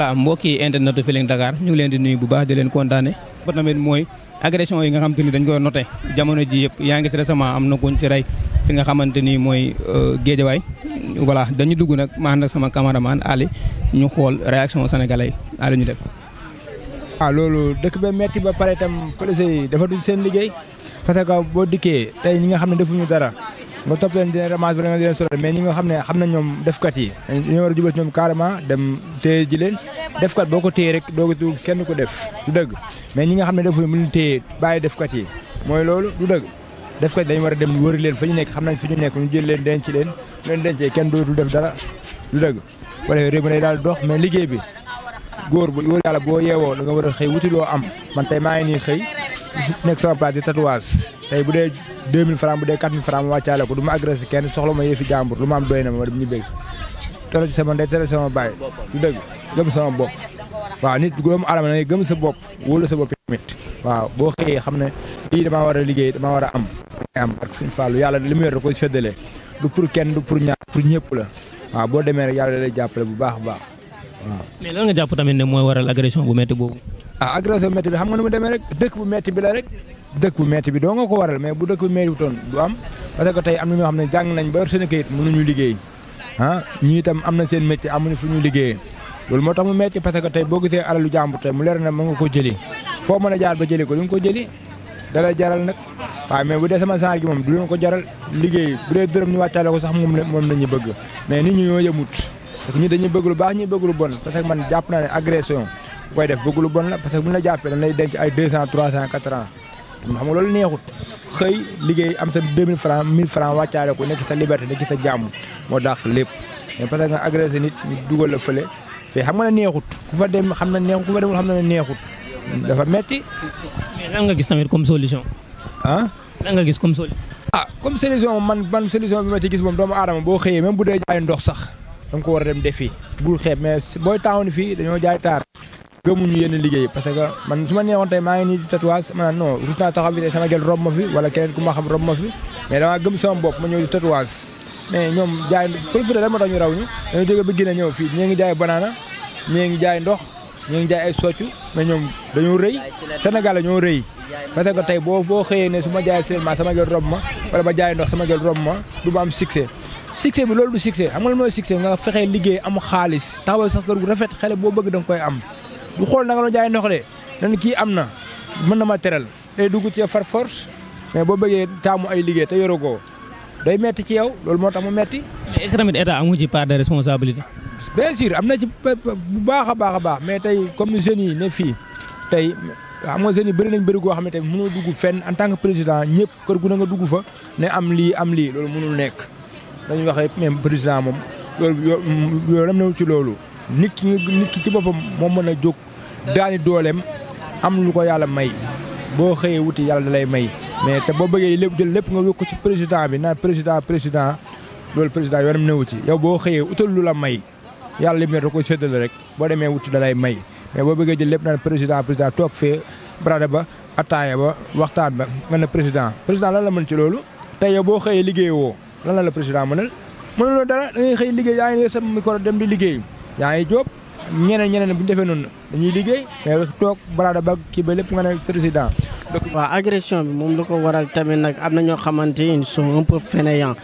voilà mbokki internetu Feeling Dakar ñu ngi leen di nuyu bu baax di leen kontaane ba tamit mooy agression yi nga xamante ni dañ koy noté jamono ji yëpp yaa ngi récemment am na kuñ ci rey fi nga xamante ni mooy euh, géejawaay voilà dañu dugg nag maanaam sama cameraman Ali ñu xool réaction sénégalais Ali ñu def. waaw ah, loolu dëkk ba metti ba pare itam police yi dafa duñ seen liggéey parce que boo dikkee tey ñi nga xam ne defuñu dara. nga topp leen dina ramage ba nga leen sonal nga xam ne xam na ñoom defkat yi dañoo war a ñoom carrément dem téye ji leen defkat boo ko téye rek doo ko kenn ko def du dëgg mais ñi nga xam ne defuñu mën téye bàyyi defkat yi mooy loolu du dëgg defkat yi dañu war a dem wëri leen fa ñu nekk xam nañ fi ñu nekk ñu jël leen denc leen leen dencee kenn dootul def dara du dëgg wala réew mi day daal dox mais liggéey bi góor bu wóor yàlla boo yeewoo da war a xëy wuti loo am man tey maa ngi nii xëy nekk sama place di tatouage tey bu dee 2000 francs bu dee 4000 francs ma wàccaale ko du ma agressé kenn soxla ma yëfi jàmbur lu ma am doy na ma ma dem ñu bëgg teel ci sama ndey teel sama baay du gëm sama bopp waaw nit sa bopp wóolu sa bopp tamit waaw xam ne lii damaa war liggéey damaa war a am am ak suñu fàllu yàlla li mu yor da koy séddale du pour kenn du pour ñaar pour ñëpp la waaw boo demee rek yàlla lay jàppale bu baax a baax waaw. mais lan nga jàpp tamit ne mooy waral agression bu métti boobu. ah agression bu métti bi xam nga nu mu demee rek dëkk bu metti bi la rek. dëkk bu metti bi doo nga ko waral mais bu dëkk bi metti wutoon du am parce que tey am na ñoo xam ne jàng nañ ba seen kayit mënuñu liggéey ah ñii itam am na seen métier amuñu fu ñu liggéey loolu moo tax mu metti parce que tey boo gisee alalu jàmbur tey mu leer na mën nga ko jëli foo mën a jaar ba jëli ko du nga ko jëli dalay jaral nag waaw mais bu dee sama genre gi moom du leen ko jaral liggéey bu dee dërëm ñu wàccaale ko sax moom moom la ñu bëgg mais nit ñi lu baax ñuy bëgg lu bon parce que man jàpp naa ne agression bu koy def xam nga loolu neexut xëy liggéey am sa 2000 francs 1000 francs wàccaale ko nekk sa liberté nekk sa jàmm moo dàq lépp mais parce que nga nit ñu dugal la fële fee xam nga ne neexut ku fa dem xam na neexut ku fa xam na ne neexut dafa metti mais lan nga gis tamit comme solution. ah lan nga gis comme solution. ah comme solution man man solution bi ma ci gis moom doomu aadama boo xëyee même bu dee jaay ndox sax da nga ko war a dem defi bul xeeb mais booy taawun fii dañoo jaay taar gëmuñu yenn liggéey parce que man su ma neexoon tey maa ngi nii di tatouage ma naan non rus naa taxaw sama gel rob ma fi wala keneen ku ma xam rob ma fi mais damaa gëm sama bopp ma ñëw di tatouage mais ñoom jaay profité lan moo tax ñu raw ñu dañu jóge ba Guinée ñëw fii ñii ngi jaay banaana ñii ngi jaay ndox ñii ngi jaay ay soccu mais ñoom dañoo rëy Sénégal la ñoo rëy parce que tey boo boo xëyee ne su ma jaay seulement sama gel rob ma wala ma jaay ndox sama gel rob ma du ma am succès succès bi loolu du succès xam nga lan nga fexe liggéey am xaalis taxawal sax kër gu rafet xale boo bëgg da koy am du xool na nga doon jaay ndox de nan kii am na mën na ma teral day dugg ci far force mais boo bëggee taamu ay liggéey te yoroo ko day metti ci yow loolu moo tax mu metti mais est-ce que tamit ci part de responsabilité. bien sûr am na ci bu baax a baax a baax mais tey comme ni jeunes yi ne fii tey xam nga jeunes bëri nañ bëri goo xam ne tey mënoo dugg fenn en tant que président ñëpp kër gu na nga dugg fa ne am lii am lii loolu mënul nekk dañuy waxee même président moom loolu yow dem na ci loolu. nit ki nit ki ci boppam moo mën a jóg daani dooleem am lu ko yàlla may boo xëyee wuti yàlla da lay may mais te boo bëggee lépp jël lépp nga wékk ci président bi naan président président loolu président yoonam newu ci yow boo xëyee utal lu la may yàlla lim ne da koy séddale rek boo demee wuti da lay may mais boo bëggee jël lépp naan président président toog fee brada ba attaaya ba waxtaan ba nga ne président président lan la mën ci loolu te yow boo xëyee liggéey woo lan la la président mënal mënuloo dara da ngay xëy liggéey yaa ngi sa dem di liggéey yaa ngi jóg ñeneen ñeneen bu ñu defee noonu dañuy liggéey mais toog balaa ba kii ba lépp nga ne président. waaw agression bi moom lu ko waral tamit nag am na ñoo xamante ils sont un peu fainéants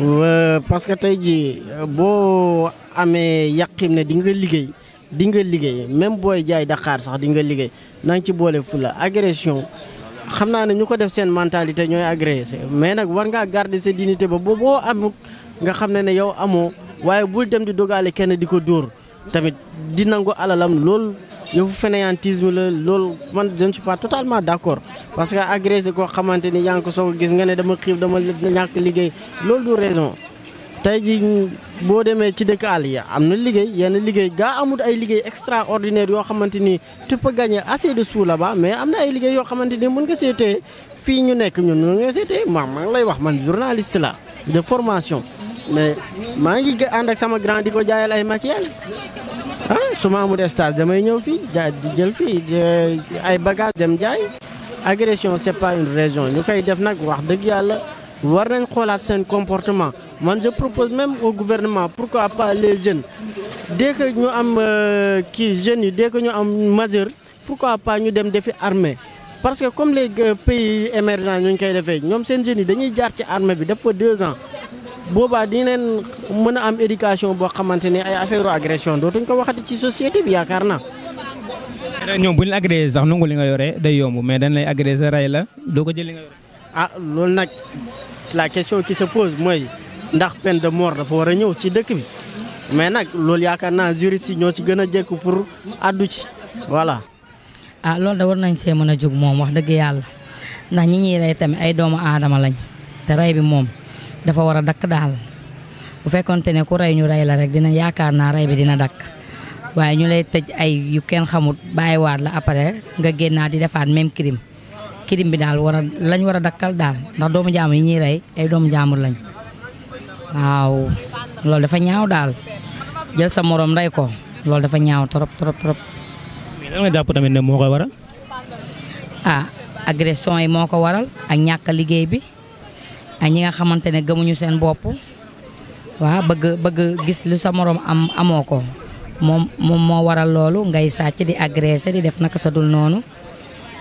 euh, parce que tey jii boo amee yàqim ne di nga liggéey di nga liggéey même booy jaay daqaar sax di nga liggéey na nga ci boole fula agression. xam naa ne ñu ko def seen mentalité ñooy agressé mais nag war ngaa garder sa dignité ba boo amut nga xam ne ne yow amoo waaye bul dem di kenn di ko dóor. tamit di nangu alalam lool yëfu fainéantisme la loolu man je ne suis pas totalement d' accord parce que agressé koo xamante ni yaa soo ko gis nga ne dama xiif dama ñàkk liggéey loolu du raison. tey ji boo demee ci dëkk àll yi am na liggéey yenn liggéey gaa amul ay liggéey extra extraordinaire yoo xamante ni tu peux gagner assez de sous là mais am na ay liggéey yoo xamante ni mën nga seetee fii ñu nekk ñun mën nga seetee ma maa ngi lay wax man journaliste la de formation. mais maa ngi ànd ak sama grand di ko jaayal ay maquillage ah su ma amul stage damay ñëw fii jaar ji jël fii ay bagage dem jaay agression c'est pas une région ñu koy def nag wax dëgg yàlla war nañ xoolaat seen comportement man je propose même au gouvernement pourquoi pas les jeunes dès que ñu am euh, kii jeunes yi dès que ñu am majeur pourquoi pas ñu dem defi armée parce que comme les euh, pays émergents ñu ngi koy defee ñoom seen jeunes yi dañuy jaar ci armée bi def fa deux ans boobaa dineen mën a am éducation boo xamante ni ay affaire agression dootuñ ko waxati ci société bi yaakaar naa. ren ñoom bu ñu la sax nangu li nga yore day yomb mais dañ lay agressé rey la doo ko jël li nga yore. ah loolu nag la question qui sa pose mooy ndax peine de mort dafa war a ñëw ci dëkk bi mais nag loolu yaakaar naa juriste yi ñoo ci gën a jekku pour addu ci voilà. ah loolu da war nañ see mën a jóg moom wax dëgg yàlla ndax ñi ñuy rey tamit ay doomu aadama lañ te rey moom. dafa war a dakk daal bu fekkonte ne ku rey ñu rey la rek dina yaakaar naa rey bi dina dakk waaye ñu lay tëj ay yu kenn xamut bàyyiwaat la après nga génnaat di defaat même kirim kirim bi daal war a lañ war a dakkal daal ndax doomu jaamur yi ñuy rey ay doomu jaamur lañ waaw loolu dafa ñaaw daal jël sa moroom rey ko loolu dafa ñaaw trop trop trop. mais lan nga jàpp tamit ne moo ko waral. ah agression yi moo ko waral ak ñàkk liggéey bi. ak ñi nga xamante ne gëmuñu seen bopp waa bëgg bëgg gis lu sa moroom am amoo ko moom moom moo waral loolu ngay sàcc di agressé di def naka sa dul noonu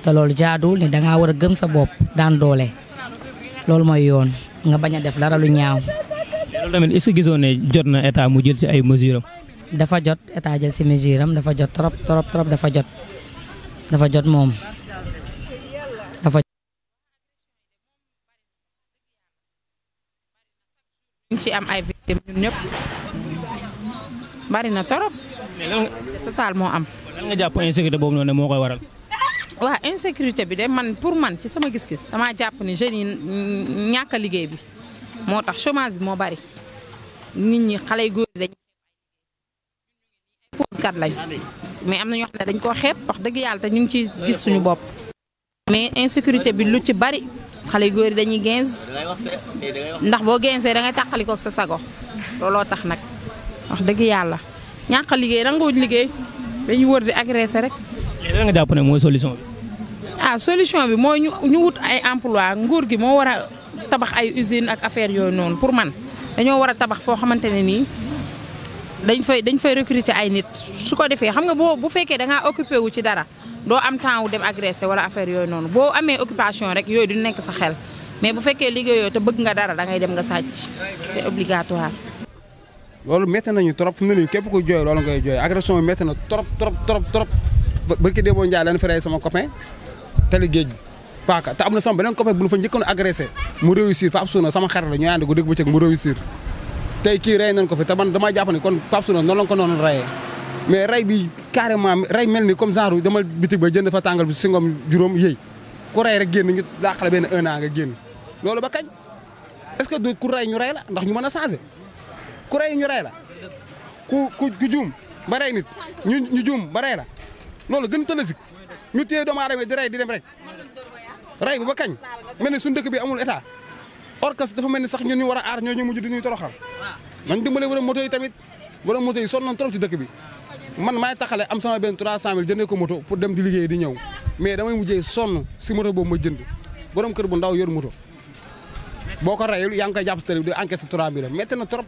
te loolu jaaduwul ne dangaa war a gëm sa bopp daan doole loolu mooy yoon nga bañ a def dara lu ñaaw. loolu tamit est gisoo ne jot na état mu jël ci ay mesures dafa jot état jël ci mesure dafa jot trop trop trop dafa jot dafa jot moom. ñu ci am ay victimes ñun ñëpp bari na torop. total moo am. lan nga jàpp insécurité boobu noonu moo koy waral. waaw insécurité bi de man pour man ci sama gis-gis damaa jàpp ni jeunes yi ñàkk liggéey bi moo tax chômage bi moo bari nit ñi xale yu góor yi dañ pause kat lañ mais am na ñoo xam ne dañ koo xeeb wax dëgg yàlla ñu ngi ciy gis suñu bopp. mais insécurité bi lu ci bari xale góor yi dañuy gens ndax boo gensee dangay ngay tàqalikook sa sago looloo tax nag wax dëgg yàlla ñàkk a liggéey nanguwuñ liggéey dañuy wër di agressé rek. léegi nga jàpp ne mooy solution bi. ah solution bi mooy ñu ñu wut ay emploi nguur gi moo war a tabax ay usine ak affaire yooyu noonu pour man dañoo war a tabax foo xamante ne nii dañ fay dañ fay recruter ay nit su ko defee xam nga boo bu fekkee da ngaa occupé wu ci dara. doo am temps wu dem agressé wala affaire yooyu noonu boo amee occupation rek yooyu du nekk sa xel mais bu fekkee liggéeyoo te bëgg nga dara da ngay dem nga sàcc c'est obligatoire. loolu mette nañu trop fu mu ne nii képp ko jooy loolu ngay jooy agression métti na trop trop trop trop barki boo njaay lan fi rey sama copain tali géej paaka te am na sama beneen copain bu ñu fa njëkkoon agressé mu réussir Pape Souna sama xarit la ñu ànd ko dégg bëccëg mu réussir tey kii rey nañ ko fi te man damaa jàpp kon Pape Souna noonu la ko noonu reyee mais rey bi carrément rey mel ni comme genre dama bitig ba jënd fa tàngal bi singom juróom yëy ku rey rek génn ngi dàqale benn un an nga génn loolu ba kañ est que du ku rey ñu rey la ndax ñu man a changer ku rey ñu rey la ku ku juum ba rey nit ñu ñu juum ba rey la loolu gën tën a sik ñu téye doomu aadama di rey di dem rek rey bi ba kañ mel ni suñu dëkk bi amul état or que dafa ni sax ñun ñu war a aar ñoo ñu mujj di ñuy toroxal nañ dimbale wala moto yi tamit wala moto yi sonn nañ ci dëkk bi man maay taxale am sama benn 300000 jëndee ko moto pour dem di liggéey di ñëw mais damay mujjee sonn si moto boobu ma jënd borom kër bu ndaw yor moto boo ko reyul yaa ngi koy jàpp si tali bi di enquête si 3 bi la métti na trop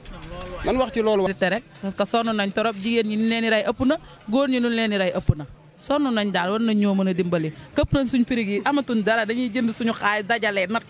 man wax ci loolu. rek parce que sonn nañ trop jigéen ñi ñu leen di rey ëpp na góor ñi ñu leen di rey ëpp na sonn nañ daal war nañ ñoo mën a dimbali képp nañ suñ prix yi amatuñ dara dañuy jënd suñu xaay dajale nat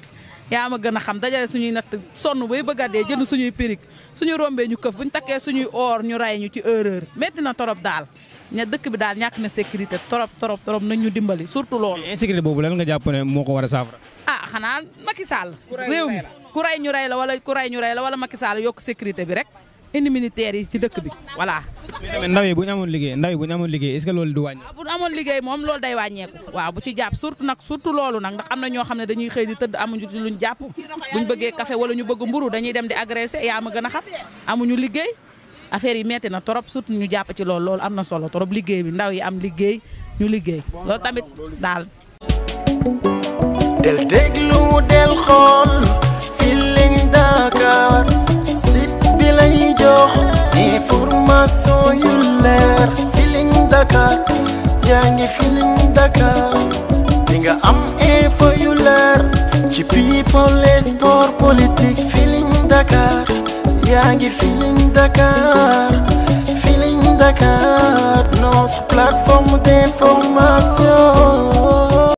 yaa ma gën a xam dajale suñuy natt sonn bay bëgg a jënd suñuy pirig suñu rombee ñu këf bu ñu takkee suñuy or ñu ray ñu ci erreur métti na torop daal ña dëkk bi daal ñàkk na sécurité torop torop torop nañ ñu dimbali surtout loolu. insécurité boobu lan nga jàpp ne moo ko war a saafara. ah xanaa Macky Sall. réew mi ku ray ñu ray la wala ku ray ñu ray la wala Macky Sall yokk sécurité bi rek. indi militaire yi ci dëkk bi voilà. ndaw yi bu ñu amoon liggéey ndaw bu ñu liggéey est loolu du wàññeeku. Ah, bu amoon liggéey moom loolu day wàññeeku. waaw bu ci jàpp surtout nag surtout loolu nag ndax am na ñoo xam ne dañuy xëy di tëdd amuñu ci luñ jàpp buñ bëggee café wala ñu bëgg mburu dañuy dem di agressé yaa ma gën a xam amuñu liggéey affaire yi metti na trop surtout ñu jàpp ci loolu loolu am na solo trop liggéey bi ndaw yi am liggéey ñu liggéey loolu tamit daal. del déglu del jox information yu Dakar yaa ngi Feeling Dakar di nga am info yu leer ci Dakar yaa ngi Feeling Dakar Feeling Dakar notre plateforme d'information